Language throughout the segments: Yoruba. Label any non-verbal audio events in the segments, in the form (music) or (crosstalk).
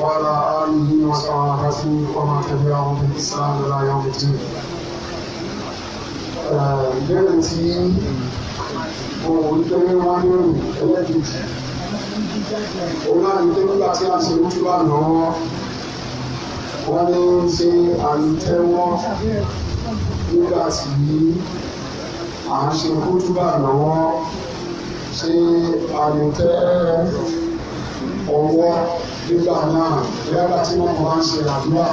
وعلى آله وصحبه ومن تبعهم بإحسان إلى يوم الدين. ìbéèrè tí òun tó ní wọ́n ní ẹlẹ́kìtì òun náà ní pé nígbà tí a ṣe ń túbà lọ́wọ́ wọ́n ní ṣe àyítẹ́wọ́ nígbà tí à ń ṣe kútúbà lọ́wọ́ ṣe àyítẹ́wọ́ ọwọ́ nígbà náà yálà tí wọ́n máa ń ṣe àdúrà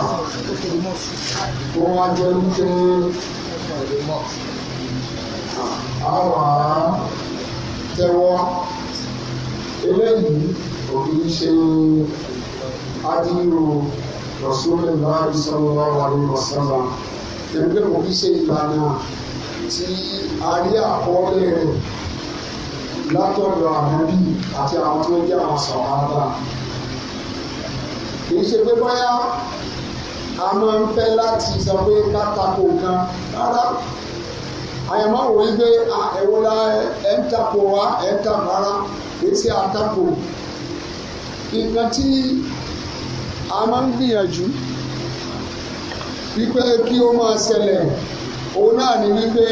tó wá jẹ́ wípé àwa tẹ́wọ́ eléyìí òbí ṣe adírò lọ́sọ́lẹ̀ láàrin sọ́lọ́lá wàlú lọ́sọ́lá ẹgbẹ́ òbí ṣe ìlànà tí a rí àkọọ́lẹ̀ rẹ̀ látọ̀dọ̀ ànábì àti àwọn tó jẹ́ àwọn sàhábà kì í ṣe pé bóyá a máa ń fẹ́ láti sọ pé kátàkó kan rárá àyàmọ́ wò ó gbé ẹ̀wọ́ ẹ̀ ń tako wa ẹ̀ ń tako rárá kì í ṣe àtakò nǹkan tí a máa ń gbìyànjú wípé kí ó máa ṣẹlẹ̀ òun náà ni wípé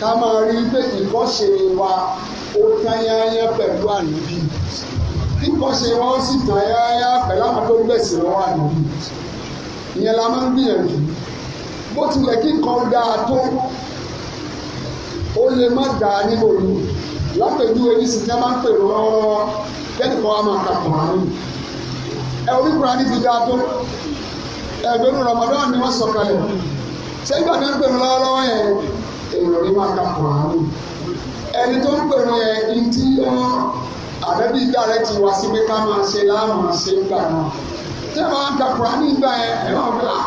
ká máa rí wípé ìkọ́ṣe wa ó tán yáyá pẹ̀lú wọ́n sì tán yáyá pẹ̀lú àwọn tó lọ́wọ́ ànábì ìyẹn la máa ń gbìyànjú bó tilẹ̀ kíkọ́ dáa tó ó lè má dáa níbo ni lápẹ̀júwe ní sinjá máa ń pè lọ́wọ́ máa ka ẹ orí dáa tó Ramadan ni wọ́n sọ̀kalẹ̀ ń pè lọ́wọ́ lọ́wọ́ yẹn ní máa ka ẹni tó ń pèrò yẹn ní tí wọ́n àbẹ́bí dáre ti wá sí pé ká máa ṣe láàmú ṣe ń gbà náà tí a máa ń ka kura ní ìgbà yẹn ẹ máa fi a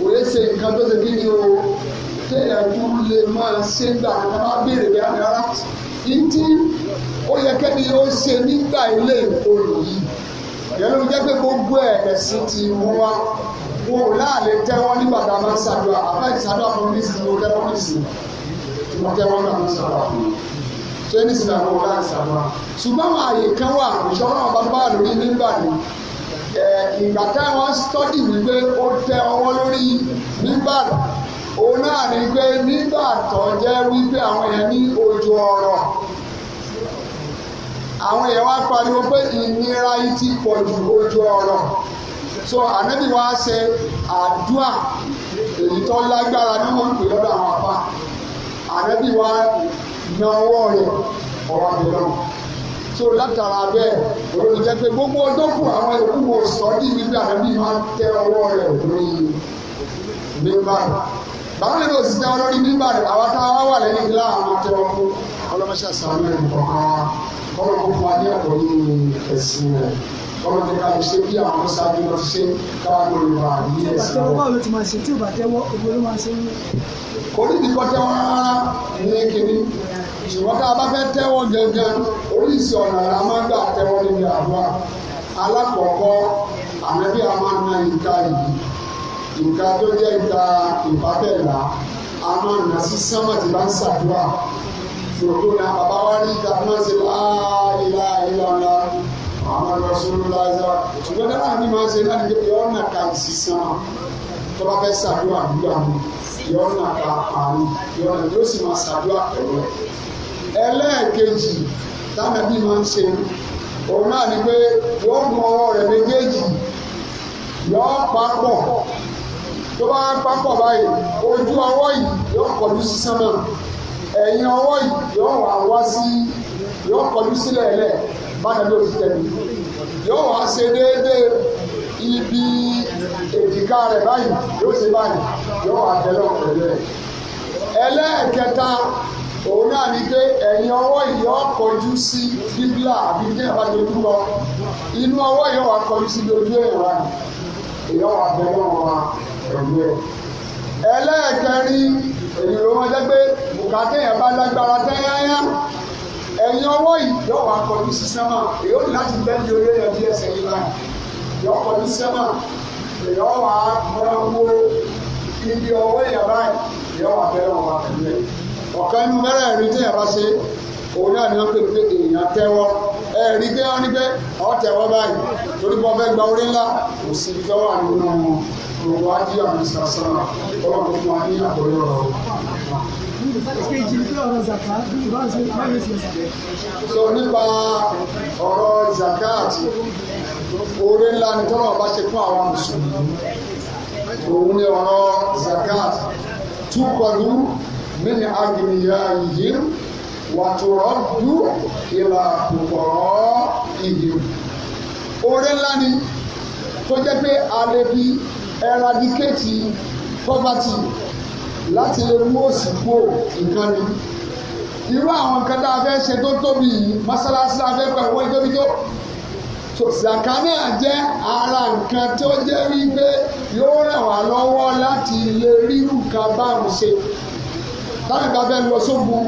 kò lè ṣe nǹkan tó ṣe bí ni o téèyàn tó lè máa ṣe ń gbà náà máa béèrè bí àná rárá ní tí ó yẹ kẹ́ni ó ṣe nígbà ilé ìkọlù yìí ìyẹn ló jẹ́ pé gbogbo ẹ̀ ẹ̀sìn ti mú wa wọn ò láàlè tẹ́wọ́ nígbà tá a máa ń ṣàdúrà àbáyé ṣàdúrà fún mi sí mo tẹ́wọ́ mi sí mo tẹ́wọ́ náà mo ṣàdúrà fún mi tó ní sinmi àwọn ọ̀la ìsàmúra ṣùgbọ́n àwọn àyè kan wà ìṣọ́nà bàbá lórí nígbà ni ìgbà táwọn stọ́dì wípé ó tẹ ọwọ́ lórí nígbà òun náà ni pé nígbà tó jẹ́ wípé àwọn èèyàn ní ojú ọ̀rọ̀ àwọn èèyàn wá pariwo pé ìnira yìí ti pọ̀ ju ojú ọ̀rọ̀ so ànábì wa ṣe àdúà èyí tó lágbára ní wọn pè lọ́dọ̀ àwọn àpá ànábì wa na ọwọ́ rẹ̀ ọwọ́ àbí lọ́wọ́ so látara bẹ́ẹ̀ olóòjẹ pé gbogbo ọjọ́ kù àwọn ìlú wo sọ ní nígbà níbi máa tẹ ọwọ́ rẹ̀ lórí mímbà rẹ̀ báwọn lè lọ sí tẹ ọlọ́rí mímbà rẹ̀ àwọn táwa wà lẹ́yìn ilá àwọn tẹ ọkú ọlọ́mọṣẹ́ sàánú ẹ̀ kọ̀ọ̀kan kọ́mọ̀kọ́ fún adé ọ̀pọ̀ nínú ẹ̀sìn rẹ̀ ọlọ́run jẹ́ ká lè ṣe bí àwọn ọmọ sáájú lọ ṣe káwọn olùwà ní ẹ̀sìn lọ. báwo ló ti máa ṣe tí ò bá tẹ́wọ́ ògbó ló máa ṣe ń lọ. kò ní ti kọ́ tẹ́wọ́ rárá ní kínní ṣùgbọ́n tá a bá fẹ́ tẹ́wọ́ gẹ́gẹ́ oríṣi ọ̀nà la máa ń gbà tẹ́wọ́ níbi àdúrà alákọ̀ọ́kọ́ àmẹ́bí a máa na ìka yìí ìka tó jẹ́ ìka ìbábẹ̀là a máa na sí sánmà tí bá ń ṣàdúrà ṣòro na bàbá wa ní ìka máa ń ṣe láàyè láàyè láàyè Muhammadu Rasulullah ṣùgbọ́n dáná àmì máa ń ṣe láti gbé yọ ọ̀nà ká sísan tó bá fẹ́ ṣàdúrà àdúrà mi yọ ọ̀nà ká àárín yọ ọ̀nà yóò sì máa ṣàdúrà pẹ̀lú ẹlẹ́ẹ̀kejì dáná bí máa ń ṣe òun náà ni pé yóò mú ọwọ́ rẹ̀ méjèèjì yọ papọ̀ tó papọ̀ báyìí ojú ọwọ́ yìí yóò kọjú sí sánmà ẹ̀yìn ọwọ́ yìí yóò wà báyọ̀ ló ti tẹ̀lé yóò wá ṣe déédéé ibi èjìká rẹ̀ báyìí yóò ṣe báyìí yóò wá tẹ̀lé ọ̀pẹ̀lẹ̀ rẹ̀ ẹlẹ́ẹ̀kẹta òun náà ni pé ẹ̀yìn ọwọ́ yìí ó kọjú sí bíbélà àbí bí ẹ̀fà dojú lọ inú ọwọ́ yìí ó kọjú sí dojú ẹ̀rọ ìyá wa bẹ̀rẹ̀ wọn pẹ̀lú ẹ̀. ẹlẹ́ẹ̀kẹrin èyí ló wọ́n jẹ́ pé bùkátẹ́yìn bá lágbára tẹ́yẹ́yẹ́ ẹ̀yin ọwọ́ yìí yọ wà kọjú sí sẹ́mà èyí ó ní láti bẹ́ẹ̀ di orí ẹ̀yọ díẹ̀ sẹ́yìn báyìí yọ kọjú sẹ́mà èyí ọ wà mọ́ra wo ibi ọwọ́ ẹ̀yà báyìí yọ wà bẹ́ẹ̀ wọ̀ wà pẹ̀lú ẹ̀ ọ̀kan inú mẹ́rẹ̀ ẹ̀rí tí yàrá ṣe òun náà ni wọ́n pè pé èèyàn tẹ́wọ́ ẹ̀rí pé wọ́n ní pé ọ̀ tẹ́wọ́ báyìí torí pé fẹ́ gba orí ńlá kò sí ibi tọ́wọ́ àdúgbò náà olùkọ́ ájú àmì sàṣàlà ọlọ́run fún wa ní àgbọ̀yọ̀ ọ̀rọ̀. sọ nípa ọ̀rọ̀ zakat oore ńlá ni tọ́lọ́ bá ṣe fún àwọn mùsùlùmí òun ni ọ̀rọ̀ zakat túkọ̀lù mẹ́ni agbèyà yìí wàtúrọ̀dù ìlà kòkòrò ìyè oore ńlá ni tó jẹ́ pé a lè eradicate poverty láti lè mú òsì kúrò nǹkan ni irú àwọn nǹkan tá a fẹ́ ṣe tó tóbi yìí mọ́sálásí la fẹ́ pẹ̀lú owó tóbi tó sòsìlàkà náà jẹ́ ara nǹkan tó jẹ́ wípé yóò ràn wá lọ́wọ́ láti lè rí nǹkan báwọn ṣe táwọn ìgbà fẹ́ lọ sógun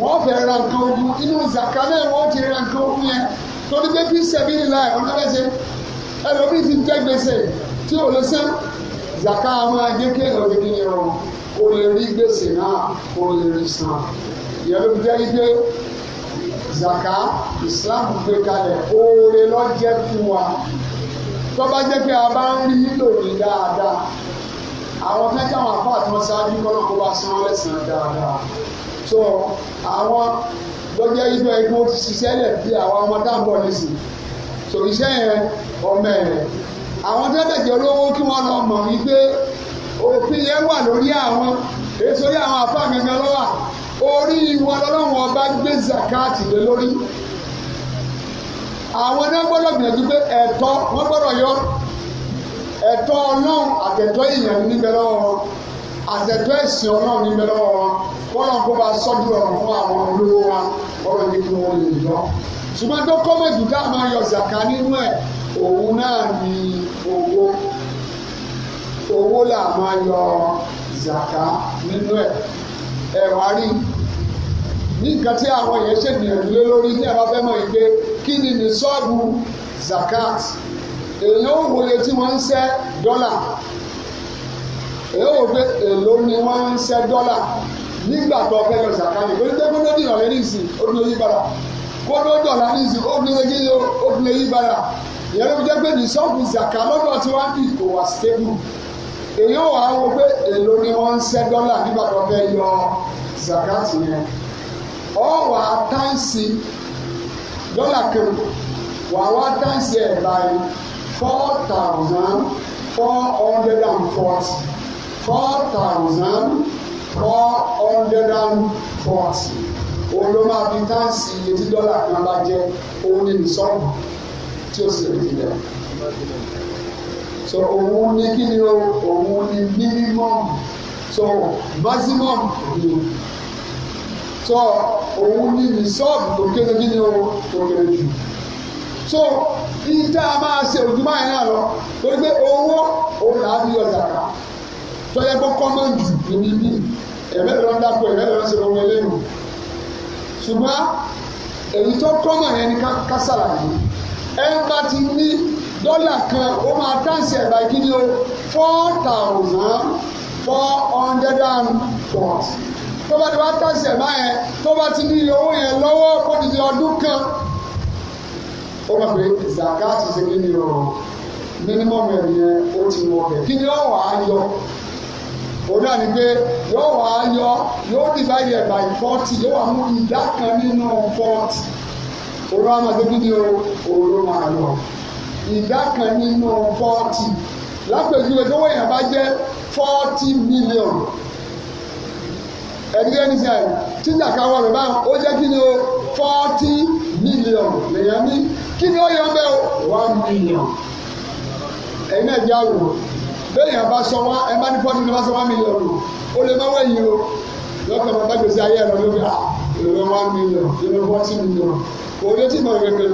wọ́n fẹ́ ra nǹkan ogun inú ìsàkà náà wọ́n ti ra nǹkan ogun yẹn torí pé kí sẹ́bí nìlá ẹ̀ wọ́n náà fẹ́ ṣe ẹlòmíì ti ń tẹ́ gbèsè tí ò lè sẹ́ zaka máa jẹ́ kí èèyàn lè kí ni o kò lè rí gbèsè náà kò lè rí san ìyẹn ló jẹ́ ike zaka Islam gbé kalẹ̀ oore lọ́jẹ́ fún wa tó bá jẹ́ pé a bá ń rí nílò ní dáadáa àwọn mẹ́ta àwọn àbá àti wọn ṣáájú kọ́nà kó bá san lẹ́sàn-án dáadáa so àwọn lọ́jọ́ ibẹ̀ kí wọ́n ti ṣiṣẹ́ lẹ̀ bí àwọn ọmọ dáńbọ̀ nísìnyí so iṣẹ́ yẹn ọmọ ẹ̀ àwọn tó dẹ̀jẹ̀ olówó kí wọ́n lọ mọ̀ wípé òfin yẹn wà lórí àwọn èso yẹ àwọn àfa gangan lọ́wọ́ orí wọn lọ́lọ́wọ́n ọba gbé zakati lé lórí àwọn náà gbọ́dọ̀ gbìyànjú pé ẹ̀tọ́ wọ́n gbọ́dọ̀ yọ ẹ̀tọ́ ọlọ́run àtẹ̀tọ́ èèyàn níbẹ̀ lọ́wọ́ wọn àtẹ̀tọ́ ẹ̀sìn ọlọ́run níbẹ̀ lọ́wọ́ wọn kọ́lọ́n kó bá sọ́jú ọ̀rọ̀ fún àwọn olówó wa kọ́lọ́n ní kí wọ́n lè yọ. ṣùgbọ́n tó kọ́mẹ̀tì tá a máa yọ zàkà nínú ẹ̀ òun náà ni owó owó là máa yọ zàká nínú ẹ̀ ẹ̀wà rí ní nǹkan tí àwọn èèyàn ṣègbìyànjú lé lórí ní ẹ̀rọ fẹ́ mọ̀ yìí pé kí ni ní sọ́ọ̀bù zakat èèyàn ò wòye tí wọ́n ń ṣẹ́ dọ́là èèyàn ò pé èèlò ni wọ́n ń ṣẹ́ dọ́là nígbà tó ọ̀fẹ́ yọ zakat ní orí tẹ́kọ́ ló dìrọ̀lẹ́ ní ìsìn ó fi lè yí padà kó ló dọ̀là ní ìsìn ó fi lè yí padà ìyẹn ló fi jẹ́ pé nìṣọ́ọ̀bù zaka lọ́dọ̀ tí wọ́n dì kò wá stable èyí ò wá wo pé èlò ni wọ́n ń ṣẹ́ dọ́là nígbà tó fẹ́ yọ zaka tì yẹn ọ̀wà táǹsì dọ́là kan wà wá táǹsì ẹ̀ báyìí four thousand four hundred and forty four thousand four hundred and forty òun máa fi táǹsì iye tí dọ́là kan bá jẹ́ òun ni nìṣọ́ọ̀bù tí ó sì rí ilẹ̀. so òun ni kí ni o òun ni minimum so maximum ni so òun ni resolve tó kéré kí ni o tó kéré jù so ìta máa ṣe òjúmọ́ yẹn náà lọ torí pé owó òun là á fi yọ sàkà tọ́jà gbọ́ kọ́mọ̀jù níbi bí ẹ̀mẹ́ lọ́n dàpọ̀ ẹ̀mẹ́ lọ́n ṣe lọ́wọ́ eléyìí ṣùgbọ́n èyí tó kọ́mọ̀ yẹn ni ká sàlàyé ẹ bá ti ní dọ́là kan ó máa tàǹsì ẹ̀ báyìí kí ni o four thousand four hundred and forty tó bá ti wá tàǹsì ẹ̀ máa yẹn tó bá ti ní iye owó yẹn lọ́wọ́ kó ti di ọdún kan ó máa pè é zakati ṣe kí ni o mínímọ̀mù ẹ̀ yẹn ó ti wọ̀ bẹ̀ kí ni ó wà á yọ òun náà ni pé yóò wà á yọ yóò divide ẹ̀ by forty yóò wà mú ìdá kan nínú forty òru wa máa ṣe kí ni o òru máa lọ ìdá kan nínú fọ́ọ̀tì lápèjúwe tó wọ́n yàn bá jẹ́ fọ́ọ̀tì mílíọ̀nù ẹ̀dígẹ́ ní sẹ́yìn tí ìjàkà wọ̀ rẹ̀ báyìí ó jẹ́ kí ni o fọ́ọ̀tì mílíọ̀nù lèyàn ní kí ni bẹ́ẹ̀ o one million ẹ̀yin náà jẹ́ àwòrán bẹ́ẹ̀ yàn bá sọ wá ẹ bá ní fọ́ọ̀tì ní bá sọ wá mílíọ̀nù o lè má wẹ̀yìn o lọ́kàn bá gbèsè èèyàn one million èèyàn forty million òye tí mo rèé pé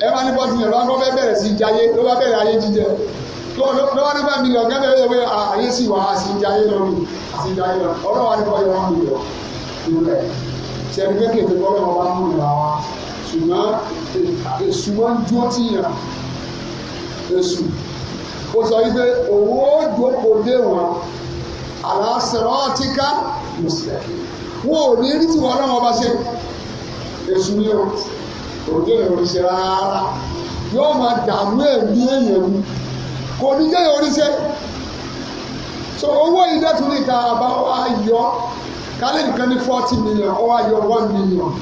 ẹ bá ní forty million lọ́wọ́ fẹ́ bẹ̀rẹ̀ sí jayé ló bá bẹ̀rẹ̀ ayé jíjẹ lọ́wọ́ ní five million gẹ́gẹ́ bẹ́ẹ̀ wẹ́ ayé sì wá sí jayé lọ́wọ́ sí jayé lọ́wọ́ ọlọ́wọ́ ní forty one million ìwúlẹ̀ sẹ́ni pé kéde bọ́lá wọn bá mú ìlà wa ṣùgbọ́n èṣù dúró tì yàn èṣù ó sọ wípé owó dúró kò wọn àlàsẹ̀rọ̀ àtìká mùsùlùmí wọn ò ní rí tiwọn ọlọ́run ọba ṣe èṣù ni o òjò yẹn oríṣi rárá yóò máa dààmú ẹ̀mí èèyàn ni kò ní jẹ́ oríṣi so owó ìdẹ́tun ní ìta àbá wa yọ kálí nìkan ní forty million ó wá yọ one million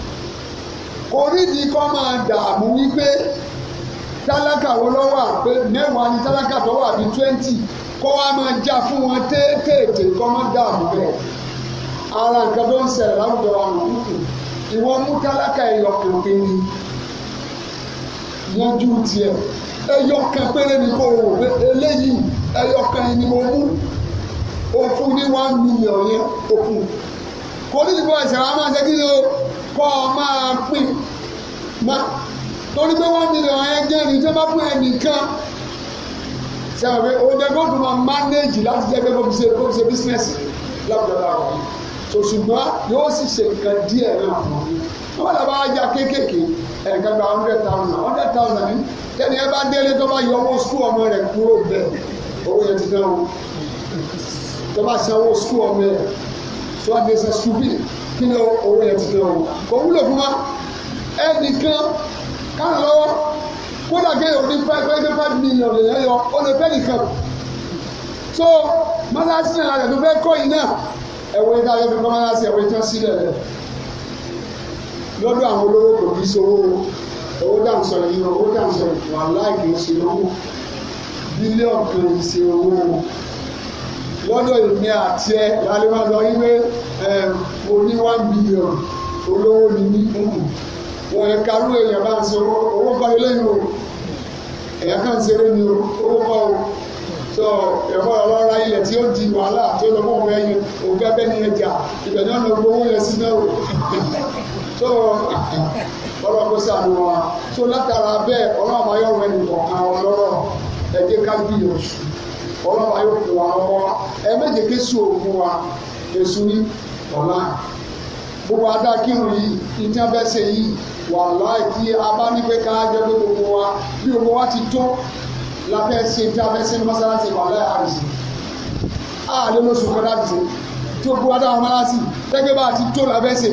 kò nídìí kọ́ máa dààmú wípé tálákà wo ló wà pé mẹ́wàá ni tálákà tó wà bíi twenty kó wá máa já fún wọn téètéèté kó máa dààmú bẹ́ẹ̀ ara nǹkan tó ń ṣẹlẹ̀ láwùjọ wa nù ìwọ mú tálákà ẹ̀yọ kan pé ní yanjú tiẹ̀ ẹ̀yọ kan péré ni kò wò pé eléyìí ẹ̀yọ kan ni mo mú òfun ní one million yẹn òfun kò ní ìdìbò ẹ̀sẹ̀ wa máa ṣe o kọ́ ọ máa pín má torí pé one million yẹn jẹ́ ẹni tó bá fún ẹnìkan ṣe àwọn ọ̀rẹ́ òun jẹ́ kó tó máa manage láti jẹ́ pé kó fi ṣe business láwùjọ láwùjọ so ṣùgbọ́n yóò sì ṣe nǹkan díẹ̀ náà fún un wọ́n lọ bá ya kéékèèké ẹ̀ẹ̀kan gba hundred thousand hundred thousand ní tẹ́ni ẹ bá délé tó bá yọ owó sukúù ọmọ rẹ̀ kúrò bẹ́ẹ̀ owó yẹn ti dán o tó bá san owó sukúù ọmọ rẹ̀ tó bá dé sẹ́ sùbí kí ni owó yẹn ti dán o kò wúlò fún wa ẹnìkan kárọ̀ lọ́wọ́ kódà kéèyàn ní five five five million lè yọ ọ lè nìkan so mọ́tà sílẹ̀ lálẹ́ tó fẹ́ kọ́ yìí náà ẹ̀wọ̀n yìí táyé fi kọ́ máa ṣe ẹ̀wọ̀n yìí tán sílẹ̀ rẹ̀ lọ́dọ̀ àwọn olówó kò kí sowó owó dáhùn sọ̀rọ̀ yìí owó dáhùn sọ̀rọ̀ wà láìkí ṣe lówó bílíọ̀nù kan ṣe owó lọ́dọ̀ èmi àti ẹ lálẹ́ máa lọ yí pé mo ní one billion olówó ni mí wọ́n yẹ karú èèyàn bá ń sọ owó kọ́ ilé yìí o èèyàn kan ṣeré ni o owó kọ́ o. so ẹ̀fọ́ ọ̀rọ̀ ra ilẹ̀ tí ó di wàhálà tó lọ fún ọ̀rẹ́ yìí òun fẹ́ ni ẹ jà ìbẹ̀ náà lọ gbowó yẹn sí náà so ọlọ́run kó sànù wa so látara bẹ́ẹ̀ ọlọ́run kọ̀ọ̀kan ọlọ́rọ̀ ọlọ́run wa ẹ méje wa ní ọ̀la gbogbo adákírun yìí ìjọba bẹ́ẹ̀ ṣe wàhálà tí láfẹ́ ṣe tí a fẹ́ ṣe ní mọ́sálásí wà láyé àrùsí àlè lóṣù kan láti ṣe tí ó buwá dáhùn mọ́sálásí gẹ́gẹ́ bá ti tó láfẹ́ ṣe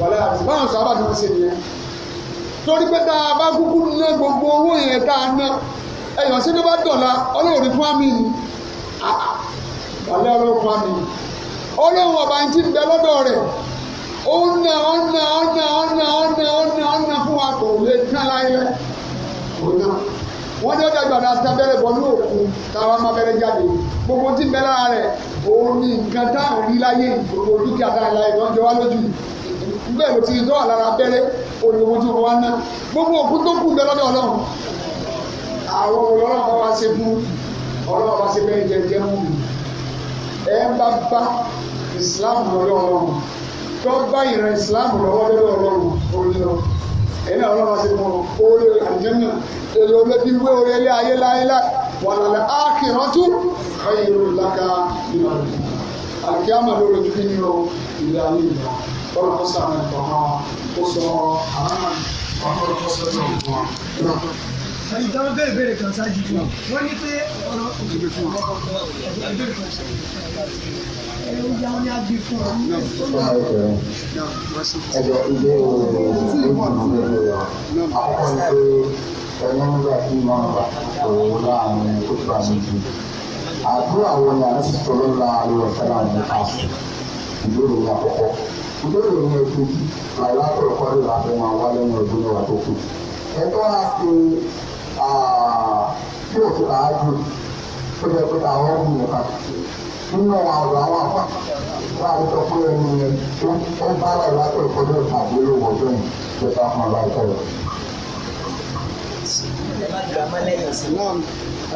wà láyé àrùsí báwọn sọ abájú ló ṣe nìyẹn. torí pé tá a bá kúkú ná gbogbo owó yẹn tá a ná ẹ̀yàn sí ló bá dọ̀la ọlọ́run fún àmì ni wàlẹ́ ọlọ́run fún àmì ni ọlọ́run ọba ti ń bẹ lọ́dọ̀ rẹ̀ ọ̀nà ọ̀nà ọ̀nà ọ̀nà ọ̀nà ọ̀nà ọ̀nà fún wa kò lè tán láyé wọ́n dẹ́ gbàdá tábẹ́rẹ́ bọ́ ní òkun táwa máa bẹ́rẹ́ jáde gbogbo tí bẹ́ẹ̀ lára rẹ̀ òun ni nǹkan tá à ń rí láyé gbogbo dúkìá tá à ń láyé lọ́jọ́ wá lójú nígbà èwo ti dọ́ àlára abẹ́rẹ́ olùwò tí wọ́n wá ná gbogbo òkú tó kù bẹ́ẹ̀ lọ́dọ̀ ọlọ́run àwọn ọlọ́run bá wá ṣe fún ọlọ́run bá ṣe bẹ́ẹ̀ jẹjẹ mú ẹ bá bá ìsìláàmù lọ́dọ̀ ọlọ́run tó bá ìran ìsìláàmù lọ́wọ́ lọ́dọ̀ ọlọ́run olùdó ẹ̀yìn àwọn ọlọ́run ṣe mọ̀ orí àjẹ́nà èrè olóbi wé orí ilé ayé láéláé wà lálẹ́ ákìrántú ẹ̀yìn ìlú làkà ìlànà àkíyàmọ̀ lórí ìdí ní o ìlú ayé ìlú ọlọ́run kó sàmì ẹ̀kọ́ náà ó sọ àwọn àmì ọlọ́run kó sẹ́yìn ọ̀gbọ́n ìdáwọ́ bẹ̀rẹ̀ bẹ̀rẹ̀ kan ṣáájú fún wọn ní pé ọ̀rọ̀ ìgbè fún wọn ìbéèrè kan ṣáájú ẹ̀rọ ìyá wọn ni a gbé fún wọn. ẹ̀jọ̀ ilé ìwé àkọ́kọ́ ni pé ẹ̀rọ nígbà tí wọ́n bá òun láàrin tó bá méjì àdúrà wo ni àti sọ̀rọ̀ láàrin ọ̀sẹ̀ láàrin káàsì ìbéèrè ní àkọ́kọ́ ìbéèrè ní ẹ̀kú àìlápẹ̀ ọ̀kọ́ wa wálé ní tí ò sì ràá jù tó jẹ́ pé àwọn ọ̀hún nìkan nínú àwọn àwọn àpá wà á sọ pé ẹni yẹn ó bá wà láti ìkọ́jọ́ ìpàdé lówó bẹ́ẹ̀ tó bá kan láìpẹ́ rẹ̀.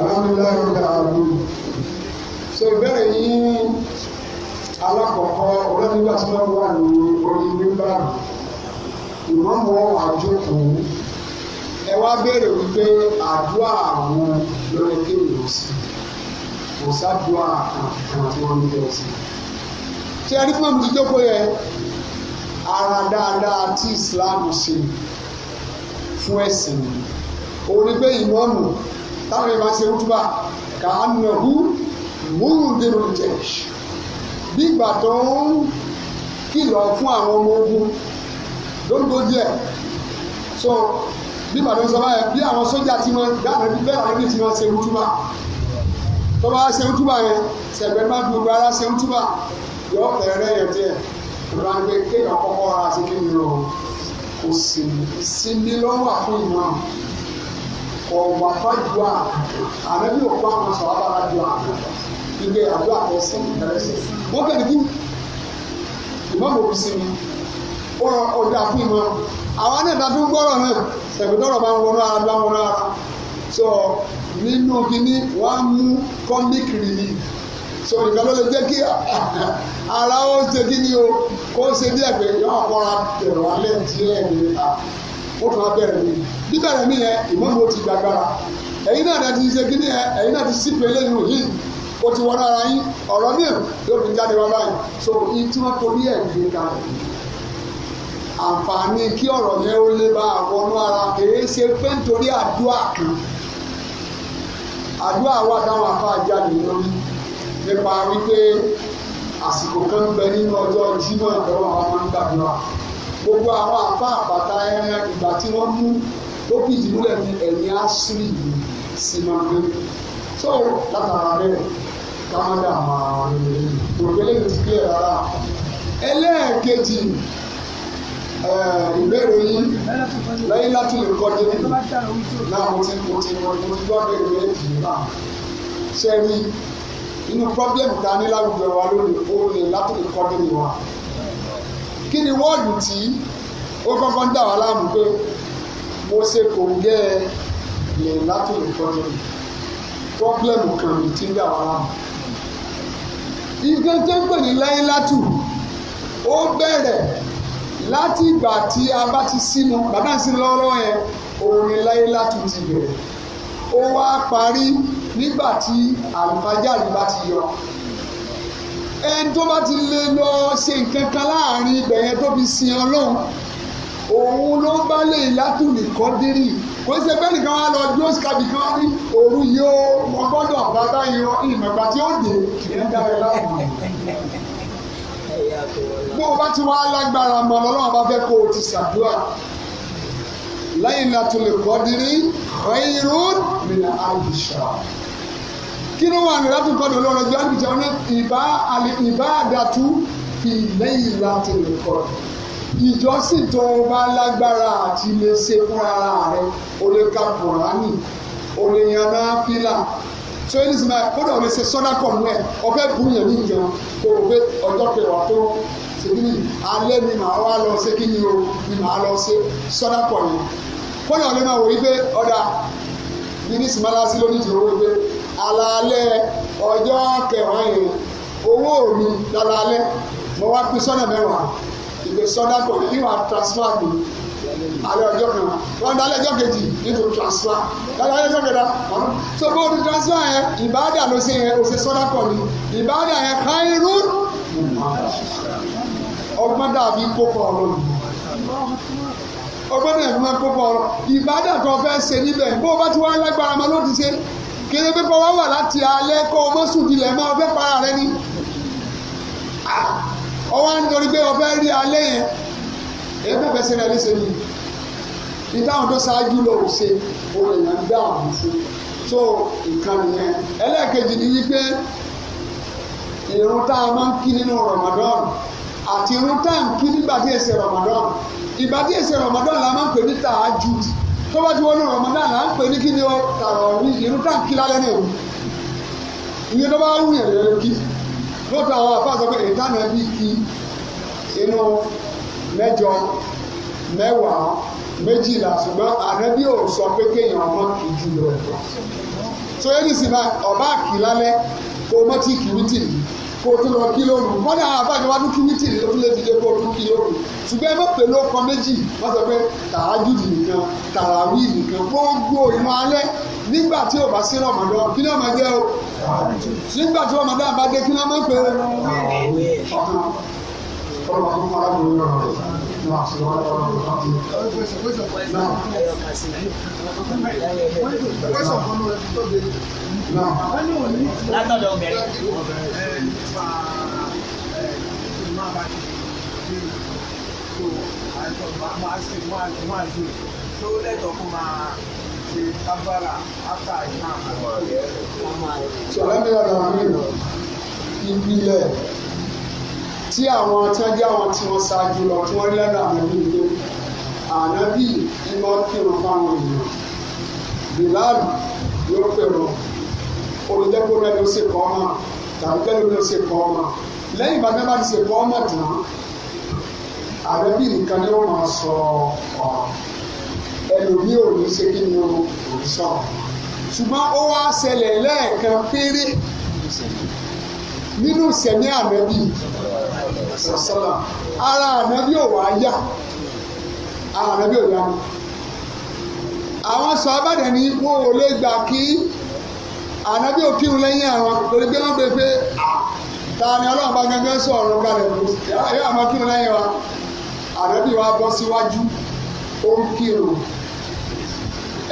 Alhamdulilayi ọ̀gá àlù. So ìbéèrè yìí alákọ̀ọ́kọ́ olóńgbà wà ní orí nígbà ìmọ̀mọ́ àjòkù ẹ wá béèrè wípé àdúrà àwọn lórí kéwòn sí kò sádùá kankan tí wọ́n ń bẹ̀rẹ̀ sí. ṣé ẹni fún mi ti jókòó yẹ ara dáadáa tí Islam ṣe fún ẹ̀sìn mi òun ni pé ìmọ̀ọ́mù táwọn èèyàn máa ṣe wútúbà kà á nà hú múlùdínú jẹ̀ṣ bí ìgbà tó ń kìlọ̀ fún àwọn ọmọ ogun lóńgbò díẹ̀ so bí màdó sọ báyẹn bí àwọn sójà tí wọ́n dáhùn bí bẹ́ẹ̀ àwọn tí wọ́n ṣe wútúbà tó bá ṣe wútúbà yẹn sẹ̀gbẹ́ bá dùn bá ara ṣe wútúbà yọ ẹ̀rẹ́ yẹn díẹ̀ ìgbà ń gbé kéèyàn kọ́kọ́ ara ṣe kí ni o kò sì sinmi lọ́wọ́ fún ìmọ̀ kò wà fájú à àmọ́ bí òkú àwọn sọ̀rọ̀ bá wájú à ìgbé àdúrà tẹ̀sí ìtẹ̀lẹ́sì wọ́n bẹ̀rẹ̀ kí ìmọ̀ ó dá fún ìmọ̀ náà fún gbọ́rọ̀ náà sẹ̀gbẹ́dọ́rọ̀ bá ń wọnú ara bá ń wọnú ara so nínú kínní wọ́n á mú comic relief so nǹkan ló lè jẹ́ kí (laughs) ara ó ṣe o kó ṣe bí a ó tún á bẹ̀rẹ̀ yẹn ti gbàgbára ẹ̀yin náà ti ṣe kí ni yẹn ẹ̀yin náà ti ti wọ́n ara yín ọ̀rọ̀ yóò fi jáde wá báyìí so ìtumọ̀ torí ẹ̀ àǹfààní kí ọ̀rọ̀ yẹn ó lé bá àwọnú ara kìí ṣe pé nítorí àdúrà kan àdúrà wà táwọn afáàjà nìyẹn nípa wípé àsìkò kan ń bẹ nínú ọjọ́ Jímọ̀ ìdánwò àwọn máa ń gbàdúrà gbogbo àwọn afá àpáta ẹran ìgbà tí wọ́n mú tó fìdí múlẹ̀ ní ẹ̀yìn àṣírí yìí sí máa gbé tó látara bẹ́ẹ̀ ká dà máa rìn rìn òkèlè ní sílẹ̀ rárá ẹlẹ́ẹ̀kejì ìbéèrè yín lẹ́yìn láti lè kọ́ débi náà mo ti mo ti mo ti gbọ́ béèrè méjì náà ṣe rí inú pọ́blẹ́mù ta ní láwùjọ wa lónìí ó lè láti lè kọ́ débi wa kí ni wọ́ọ̀dù tí ó kọ́kọ́ ń dà wá láàmú pé mo ṣe kò ń gẹ́ ẹ lè láti lè kọ́ débi pọ́blẹ́mù kan ní ti ń dà wá láàmú. ìgbẹ́ tẹ́gbẹ̀ ní láyé látù ó bẹ̀rẹ̀ láti ìgbà tí a bá ti sínú bàbá ń sínú lọ́wọ́lọ́wọ́ yẹn òun ni láyé láti ti bẹ̀rẹ̀ ó wá parí nígbà tí àlùfájàre bá ti yọ ẹni tó bá ti lè lọ ṣe nǹkan kan láàrin ibẹ̀ yẹn tó fi sin ọlọ́run òun ló bá lè látùlì kọ́ dírì kò ṣe bẹ́ẹ̀ nìkan wá lọ dúró síkàbí kan wá òru yìí mọ gbọ́dọ̀ bàbá yìí ìmọ̀gbà tí ó dé ìyẹn dára bó o bá ti wá lágbára mọ lọ́wọ́ bá fẹ́ kó o ti ṣàdúrà lẹ́yìn láti lè kọ́ dirí ọ̀yìn rúd mìíràn àyíṣà kí ló wà ní láti kọ́ dirí ọ̀rọ̀ ìjọba ìjọba ní ìbá ìbá àdàtú fi lẹ́yìn láti lè kọ́ ìjọsìn tó o bá lágbára àti lè ṣe fúnra rẹ o lè ka kùránì o lè yan náà fílà so ẹni sinmi kódà ọ̀rẹ́ ṣe sọ́dá kọ̀ nù ẹ̀ ọ̀fẹ́ bùn yẹn ní ìjẹun kó o gbé ọjọ́ kẹwàá tó ṣèkínní alẹ́ ni màá wá lọ ṣe o ni màá lọ ṣe sọ́dá kọ̀ yẹn kódà ọ̀rẹ́ máa wò yí pé ọ̀dà ní sinmi aláṣí lónìí ti owó gbé alaalẹ́ ọjọ́ kẹwàá yẹn owó mi lálaalẹ́ mo wá pín sọ́nà mẹ́wàá ìgbésọ́dá kọ̀ yẹn ìwà transfer alẹ́ ọjọ́ kan wọ́n dá alẹ́ ọjọ́ kejì nítorí transfer lọ́dọ̀ alẹ́ ọjọ́ kẹta so bó ti transfer yẹn ìbáàdà ló ṣe yẹn òṣè sọ́dá kọ̀ ni ìbáàdà yẹn káírú ọgbọ́n dàbí kópa ọ̀rọ̀ ni ọgbọ́n dàbí máa kópa ọ̀rọ̀ ìbáàdà tó fẹ́ ṣe níbẹ̀ bó o bá ti wá lágbára máa ló ti ṣe kéde pé kọ́ wá wà láti ah, rí alẹ́ yẹn ẹgbẹ́ fẹ́ sẹ́ra ẹni sẹ́ni ìtàwọn tó ṣáájú lọ ò ṣe òun èèyàn dá àmì sí tó nǹkan nìyẹn ẹlẹ́ẹ̀kejì ni wípé ìrun tá a máa ń kí nínú Ramadan àti irun tá à ń kí nígbà tí èsè Ramadan ìgbà tí èsè Ramadan la máa ń pè ní tahajjud tó bá ti wọnú Ramadan la ń pè ní kí ni ó tààrọ̀ irun tá à ń kí lálẹ́ ní òun ìyẹn tó bá wù yẹn lè kí lóòótọ́ àwọn àfáà sọ pé ìtànà bí kí inú mẹ́jọ mẹ́wàá méjìlá ṣùgbọ́n ànábì ò sọ pé kéèyàn ọmọ kì í ju lọ ẹ̀kọ́ so yẹn nìsín náà ọba kì í lálẹ́ kó o mọ́ tí kì í wítì ní kó o tún lọ kí lóru wọ́n ní àwọn abájọ wá ní kí wítì ní o tún lè dìde kó o tún kí lóru ṣùgbọ́n ẹ má pè ló kan méjì wọ́n sọ pé tàájúdì nìkan tàràwí nìkan gbogbo ìmọ̀ alẹ́ nígbà tí o bá sí rọmọdọ kí ni ọmọ jẹ o nígbà tí rọmọdọ àbá dé kí ni ọmọ pé kọ́lọ̀ fún arábìnrin náà rẹ̀ náà sí wọn lọ́wọ́ lọ́wọ́ láti. náà náà látọ̀dọ̀ bẹ̀rẹ̀. So, I thought my master was one zero. So, let us come on. Sọlá mi ọ̀dọ̀ àmì ìpìlẹ̀ tí àwọn tí wọ́n jẹ́ àwọn tí wọ́n ṣáájú lọ tí wọ́n rí lẹ́nu ànábì ni ànábì ni wọ́n kírun fáwọn èèyàn bilal yóò pèrò olùdẹ́gbọ́n rẹ̀ ló ṣe kọ́ ọ́mà tàbí tẹ́lẹ̀ ló ṣe kọ́ ọ́mà lẹ́yìn ìgbà mẹ́fà ti ṣe kọ́ ọ́mà tán ànábì nìkan ni ó máa sọ ọ̀rọ̀ ẹlòmí ò ní ṣe kí ni o kò sọ ṣùgbọ́n ó wá ṣẹlẹ̀ lẹ́ẹ̀kan péré nínú ìṣẹ̀mí ànábì sọ̀sọ́là ara ànábì ò wá yá ara ànábì ò yá ni àwọn sọ abáde ni wọn ò lè gbà kí ànábì ò kírun lẹ́yìn àwọn torí pé wọ́n gbé pé ta ni ọlọ́run bá gẹ́gẹ́ sọ̀rọ̀ kalẹ̀ yóò àmọ́ kírun lẹ́yìn wa ànábì wa bọ́ síwájú ó ń kírun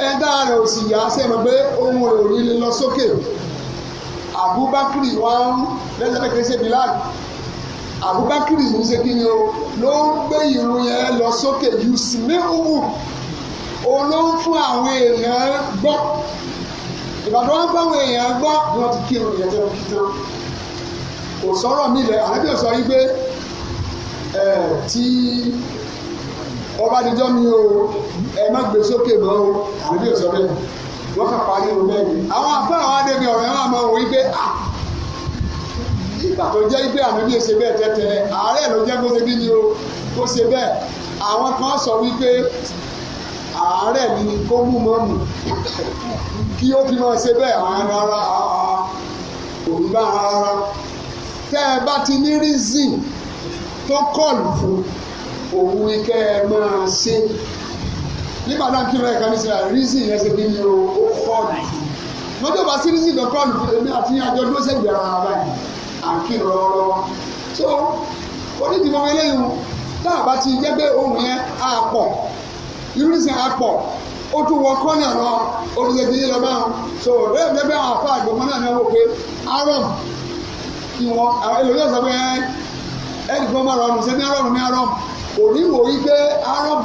ẹ̀dá rẹ̀ ò sì yá sẹ́nu pé ohun rẹ̀ ò lọ sókè Abubakar wa ń lẹ́sẹ̀ pé kìí ṣe Abubakar ń ṣe kí ni o ló ń gbé irun yẹn lọ sókè yusmiu òun ló ń fún àwọn èèyàn gbọ́ ìbàdàn wọn bá àwọn èèyàn gbọ́ ni wọ́n ti kí irun yẹn tẹ́lẹ̀ kí tán kò sọ̀rọ̀ mi lẹ̀ àlejò sọ yí pé tí ọba dídọ́ mi o ẹ má gbé sókè mọ́ o àlejò sọ bẹ́ẹ̀ wọ́n kà parí irun bẹ́ẹ̀ ni àwọn afẹ́ àwọn adébí ọ̀rọ̀ yẹn wà máa wọ yí pé ah, ìgbà tó jẹ́ pé ànábì ṣe bẹ́ẹ̀ tẹ́tẹ́lẹ̀ ààrẹ ló jẹ́ kó ṣe bí ni o kó ṣe bẹ́ẹ̀ àwọn kan sọ wípé ààrẹ ni kó mú mọ́mù kí ó fi máa ṣe bẹ́ẹ̀ àwọn rárá òun bá rárá tẹ́ ẹ bá ti ní rízìn tó kọlù fún òun kẹ́ ẹ máa ṣe nígbà náà kí lóye kan ní sira rízìn yẹn ṣe bí ni o ó kọlù fún mọ́tò bá sí rízìn tó kọlù fún èmi àti àjọ dóṣèlú ara wa yìí à ń kírun lọ́wọ́lọ́wọ́ so onídìí mọ́ eléyìí wọn tá a bá ti jẹ́ pé ohun yẹn á pọ̀ irú nísìnyí á pọ̀ ó tún wọ kọ́nà lọ oríṣiríṣi yìí lọ bá wọn so bẹ́ẹ̀ bẹ́ẹ̀ bẹ́ẹ̀ àwọn afọ àgbẹ̀mọ́ náà ni wọ́n wò pé arọ́m kí wọ́n ẹlòmíràn sọ pé ẹnì kan máa rọrùn ṣe ní arọ́m ní arọ́m kò ní wò yí pé arọ́m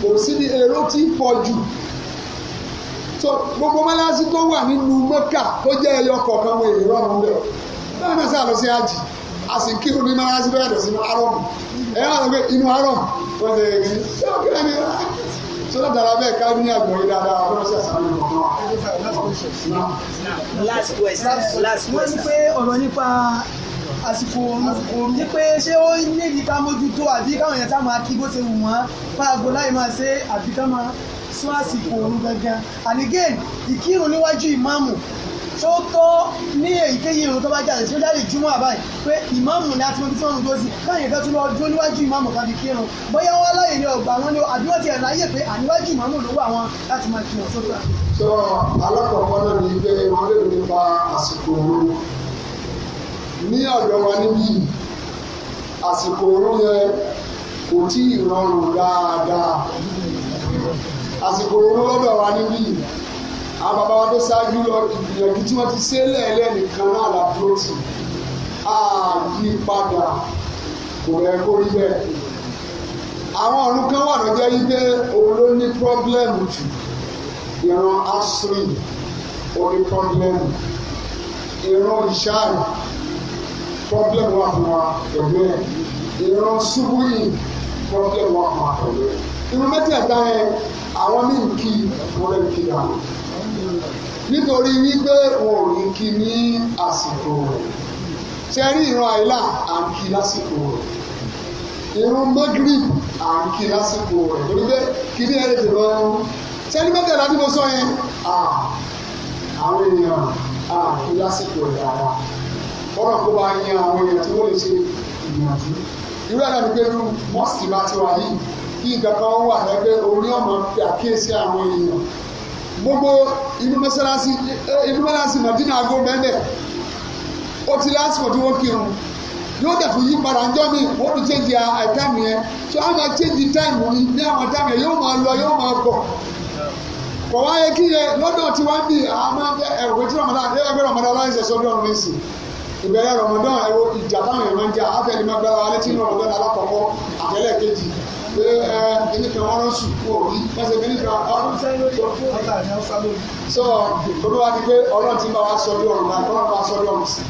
kò sí ní èrò tí pọ̀ jù so gbogbo mọ́lásí tó wà nínú mọ́kà tó jẹ́ ẹyọ kọ̀ọ̀kan wọ èrò ọ̀run bẹ̀rẹ̀ náà náà sá lọ sí àjì a sì ń kírun ní márásí lọ́yà lọ sínú arọ́mù ẹ̀ yà lọ pé inú arọ́mù wọ́n ṣe èyí ṣé òkè ẹni rà sọ́dọ̀ dára bẹ́ẹ̀ ká ní àgbọ̀ yìí dáadáa ọ̀rọ̀ sí àṣà mi lọ́wọ́. last question last question. wọ́n ní pé ọ̀rọ̀ nípa àsìkò ooru ní pé ṣé ó nídìí ká mójútó àbí káwọn èèyàn tá máa kí bó ṣe wù wọ́n fáago láì máa ṣe àbí ká máa sún àsìkò ooru gangan and again ìkírun níwájú ìmáàmù tó tọ́ ní èyíkéyìí ìrun tó bá jáde tí ó jáde júmọ́ àbáyé pé ìmáàmù ni a ti mọ ibi tí wọ́n ń dúró sí báyìí kan tún lọ dúró níwájú ìmáàmù kan fi kírun bóyá wọn láyè ní ọgbà wọn ni àbí wọn ti ẹ̀rọ ayé pé àníwájú ìmáàmù ló wà wọn láti máa kírun sókè. sọ alákọ̀ọ́kọ́ náà ni pé wọ́n lè nípa àsìkò òru ní ọ̀dọ̀ wa níbí àsìkò òru yẹn kò tí ì rọrùn dáadáa àsìkò òru lọ́dọ̀ wa níbí àwọn bàbá wa tó ṣáájú lọ ìgbìyànjú tí wọ́n ti ṣe lẹ́ẹ̀lẹ́ nìkan náà làdúró tì ààyè padà kò yẹ kó rí bẹ́ẹ̀. àwọn ọ̀run kan wà lọ́jọ́ yìí pé òun ló ní pọ́blẹ́mù jù ìran asiri ó ní pọ́blẹ́mù ìran ìṣáì pọ́blẹ́mù wà fún wa pẹ̀lú ẹ̀ ìran ṣubúyì pọ́blẹ́mù wà fún wa pẹ̀lú ẹ̀. irun mẹ́tẹ̀ẹ̀ta yẹn àwọn míì kí wọ́n lè kí dáa nítorí wípé òòrùn kì ní àsìkò ṣe rí ìran àìlà à ń kí lásìkò rẹ̀ irun magrib à ń kí lásìkò rẹ̀ torí pé kí ní ẹ̀rẹ́ ti lọ́ọ́ sẹ́ni mẹ́tẹ̀ẹ̀lá tí mo sọ yẹn àwọn èèyàn à ń kí lásìkò rẹ̀ dáadáa ọ̀rọ̀ kó bá yan àwọn èèyàn tí wọ́n lè ṣe ìgbìyànjú irú ẹ̀dá ni pé irú mọ́sìkì bá ti wà yìí kí nǹkan kan wà lẹ́gbẹ́ orí ọmọ fi àkíyèsí àwọn èèyàn gbogbo inú mọ́sálásí inú mọ́sálásí màdínà àgó mẹ́lẹ̀ ó ti lásìkò tí wọ́n kírun yóò dẹ̀fù yí padà ń jọ́ mi wọ́n tún change their uh, time yẹn so àwọn máa change time ní ní àwọn time yẹn yóò máa lọ yóò máa bọ̀ kọ̀ wáyé kí yẹ lọ́dọ̀ tí wọ́n bì àwọn ẹ̀rọ tí Ramadan ẹgbẹ́ Ramadan aláìsẹ̀ sọ́dọ̀ ọ̀run ẹ̀sìn ìbẹ̀rẹ̀ Ramadan ẹ̀rọ ìjà táwọn èèyàn máa ń jà áfẹ́ni máa gbára wa létí Ramadan alákọ̀ọ́kọ́ àtẹ́lẹ̀ kejì pé ẹ kíní kan wọ́n sùn kú òun wọ́n ṣe kíní kan ọ̀run sọ olúwa ni pé ọlọ́run ti bá wa sọ bí ọ̀run náà ọlọ́run bá wa sọ bí ọ̀run sí.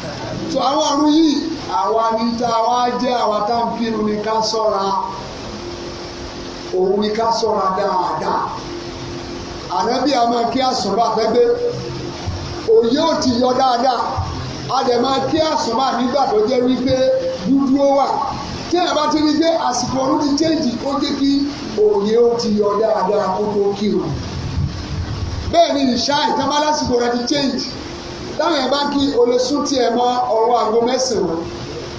so àwọn ọ̀run yìí àwa ni tá a wá jẹ́ àwa tá à ń kírun ni ká sọ́ra òun ni ká sọ́ra dáadáa ànábì àmọ́ kí àsùnbà fẹ́ gbé òye ò ti yọ dáadáa a dẹ̀ máa kí àsùnbà nígbà tó jẹ́ wípé dúdú ó wà tí ẹ̀ bá ti rí gbé àsìkò ọ̀run ti chéǹjì ó jẹ́ kí òye ó ti yọ dáadáa kó tó kírun bẹ́ẹ̀ ni ìṣá ìtàn bá lásìkò rẹ ti chéǹjì táwọn ẹ̀ bá kí o lè sún tiẹ̀ mọ́ ọ̀rọ̀ aago mẹ́sàn-án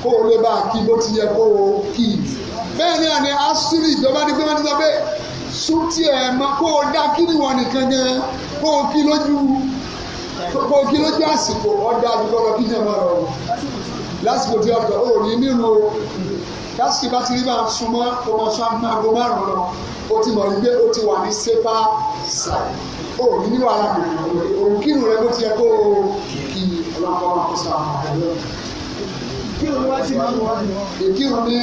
kó o lè bá a kí bó ti yẹ kó o kí bẹ́ẹ̀ ni àná asúrì ìjọba ní pé wọ́n ti sọ pé sún tiẹ̀ mọ́ kó o dá kí nìwọ̀n nìkan gan kó o kí lójú kó o kí lójú àsìkò ọ̀dà àdúgbò lọ kí jẹ́ mọ́ ọ lásìkò tí ọ̀dọ̀ ò ní nínú tásìkì bá ti rí bá súnmọ́ kó máa sọ àmì aago márùn-ún lọ ó ti mọ̀ wípé ó ti wà ní sépà sàì ó ní ní wàhálà mìíràn òun kírun rẹ bó ti yẹ kó o kí ọlọ́pàá máa kó sáà máa rẹ lọ. ìkírun ní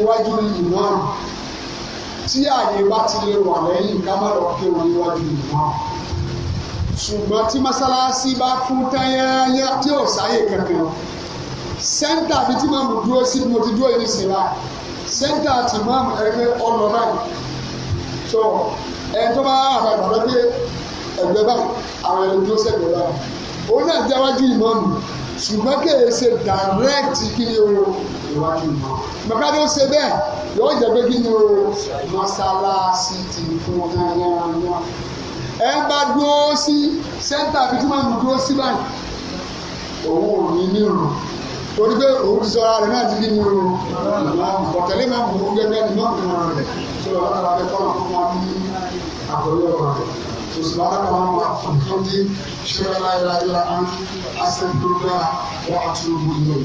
iwájú ní ìmọ̀ràn tí àyè bá ti lè wà lẹ́yìn ká má lọ kírun níwájú ìmọ̀ràn ṣùgbọ́n tí mọ́sálásí bá fún táyáyá tí ò sáyè kankan sẹ́ńtà mi tí màmú dúró sí mo ti dúró yìí sí la sẹ́ńtà tí màmú ẹgbẹ́ ọ̀nà báyìí tó ẹ̀ tó bá àgbàgbà lọ pé ẹgbẹ́ báyìí àwọn ẹni dúró sẹ́gbẹ́ báyìí òun náà jáwájú ìmọ̀mù ṣùgbọ́n kèé ṣe direct kí ni o ìwájú ìmọ̀ bàbá tó ṣe bẹ́ẹ̀ yóò jẹ́ pé kí ni o mọ́ṣáláṣí ti fún yányányá ẹ bá dúró sí sẹ́ńtà fi tí màmú dúró sí báyìí òun ò ní nírun torí pé òun ti sọra rẹ̀ náà ti fi mú un ọ̀tẹ̀lé máa ń bò ó gẹ́gẹ́ ní mọ́ọ̀kì náà rẹ̀ tó lọ lára rẹ̀ kọ́ àwọn fún wa ní àkọ́lé ọ̀rọ̀ rẹ̀ tó sì lára kan wà fún tó dé ṣé láyé láyé la ń aṣèǹdókòlá wọ́n á tún gbogbo